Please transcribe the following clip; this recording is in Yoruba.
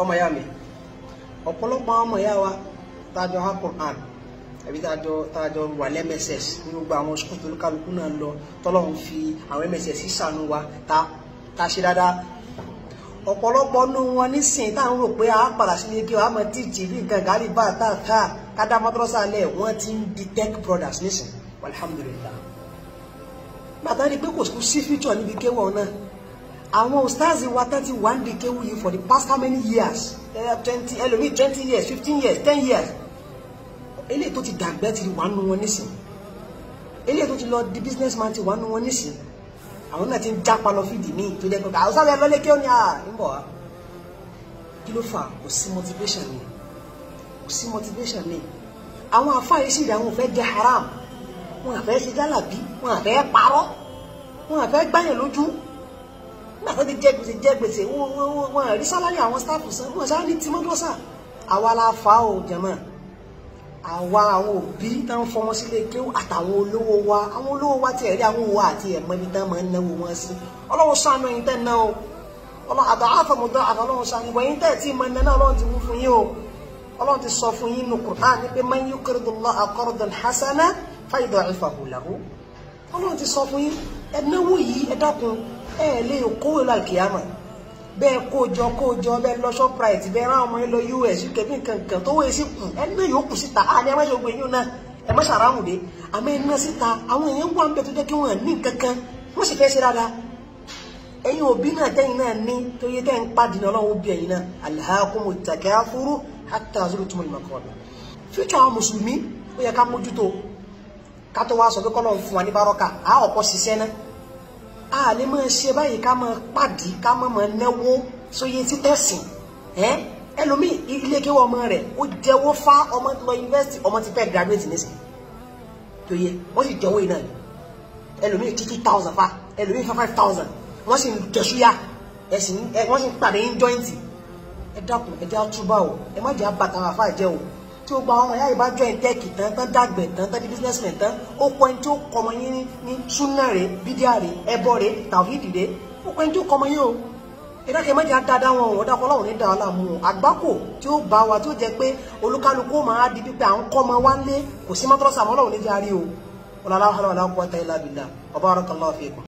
ọmọ ya mi ọ̀pọ̀lọpọ̀ ọmọ ya wa tájọ ha Quran àbí tájọ tájọ wà lẹ́mẹsẹ̀s ní gbogbo àwọn sukùl tó kálukú náà lọ tọ́lọ́run fi àwọn mẹsẹ̀s sànú wa ta ta ṣe dáadáa ọ̀pọ̀lọpọ̀ nú wọn nísìn táwọn rò pé a padà sí ní kí wọ́n á mọ tíjì bí nǹkan gàrí bá tá a ká kádá mọ́tọ́rọ́sà lẹ̀ ti ń di tech brothers nísìn alhamdulillah bàtà rí pé kò sí fíjọ níbi kéwọ̀n náà àwọn ustazi wa thirty one dey kéwú yìí for the past how many years twenty ẹlòmíì twenty years fifteen years ten years eléyìí tó ti dàgbẹ́ ti wà nù wọn nísìn eléyìí tó ti lọ di business man ti wà nù wọn nísìn àwọn náà ti ń jápa lọ fídì míì tó jẹ́ pé àwọn sábẹ́ lọ́lé kí ó ní à ń bọ̀ wá kí ló fà kò sí motivation ni kò sí motivation ni àwọn àfáàyè sì dà wọn fẹ́ jẹ haram wọn àfẹ́ ṣe jálàbí wọn àfẹ́ parọ́ wọn àfẹ́ gbáyàn lójú nígbà tó ti jẹ gbèsè jẹ gbèsè wọn wọn wọn wọn rí sálárì àwọn staff san wọn sálárì tí mọdúrọsà àwa la fa o jẹmọ àwa àwọn òbí tá ń fọmọ sílé kéwù àtàwọn olówó wa àwọn olówó wa ti ẹrí àwọn òwò àti ẹmọ ibi tán máa ń náwó wọn sí ọlọ́wọ́ sànú ẹ̀yin tẹ́ ná o ọlọ́ àtọ̀ àfọmọdọ́ àtọ̀lọ́wọ́ sànú ìwọ̀ ẹ̀yin tẹ́ tí máa ń náà ọlọ́run ti mú fún yín o ọlọ́run ti sọ fún yín nù Qur'an ní pé man yuqridullaha qardan hasana fayud'ifahu lahu ọlọ́run ti sọ fún yín ẹ̀ náwó yìí ẹ̀ dákun ẹ lè kó ìlú àkìyàmà bẹ́ẹ̀ kó jọ kó jọ lọ Shoprite rán ọmọ lọ US kẹ́bí kankan tó wọ́n èsì kù ẹni yóò kù síta á ní ẹ má ṣe gbé náà ẹ má ṣàrà àwùdé àmọ́ ẹ síta àwọn èèyàn wà tó kí ní kankan wọ́n sì fẹ́ ṣe dáadáa ẹ̀yin òbí náà tẹ́yìn náà ní tó yẹ tẹ́yìn pàdínà ọlọ́run bí ẹ̀yin náà alhaqumu takafuru hatta zurtumul maqabir fíjọ a lè máa ṣe báyìí ká máa pàdé ká máa máa náwó sóye títẹ̀sìn ẹ́ ẹlòmíì ilé kéwọ ọmọ rẹ̀ ó jẹ́wọ́ fá ọmọ lọ yunifásitì ọmọ ti fẹ́ graduate nísìnyí tó yẹ wọ́n sì jẹ́wọ́ iná ẹlòmíì two thousand fa ẹlòmíì five thousand wọ́n sì ń jẹ̀ṣúyà ẹ̀sìn wọ́n sì ń pàdé ń jọ́ìntì ẹ dákun ẹ jẹ́ àtúbà o ẹ má jẹ́ àbàtà àfáà jẹ́ o tí ó gba ọmọ ìyá ìbá jọ ẹ̀dẹ́ẹ̀kì tán tán dàgbẹ̀ tán tán di businessman tán ó kọ ẹni tí ó kọ ọmọ yín ní súnà rẹ̀ bídíà rẹ̀ ẹbọ rẹ̀ tàwídì rẹ̀ ó kọ ẹni tí ó kọ ọmọ yín o ìdájẹ́ méjì dáadáa wọn ò dákọ́ ọlọ́run ní dáa láàmú o àgbákò tí ó bá wa tí ó jẹ́ pé olúkálukú máa di pípẹ́ à ń kọ́ ọmọ wá lé kò sí mọ́tọ́rọ́sà ọlọ́run ní járe o ọlọ́run ní járe o ọlọ́run ní járe o ọlọ́run ní járe o ọlọ́run ní járe o ọlọ́run ní járe o ọlọ́run ní járe o ọlọ́run ní járe o ọlọ́run ní járe o ọlọ́run ní járe o ọlọ́run ní járe o ọlọ́run ní járe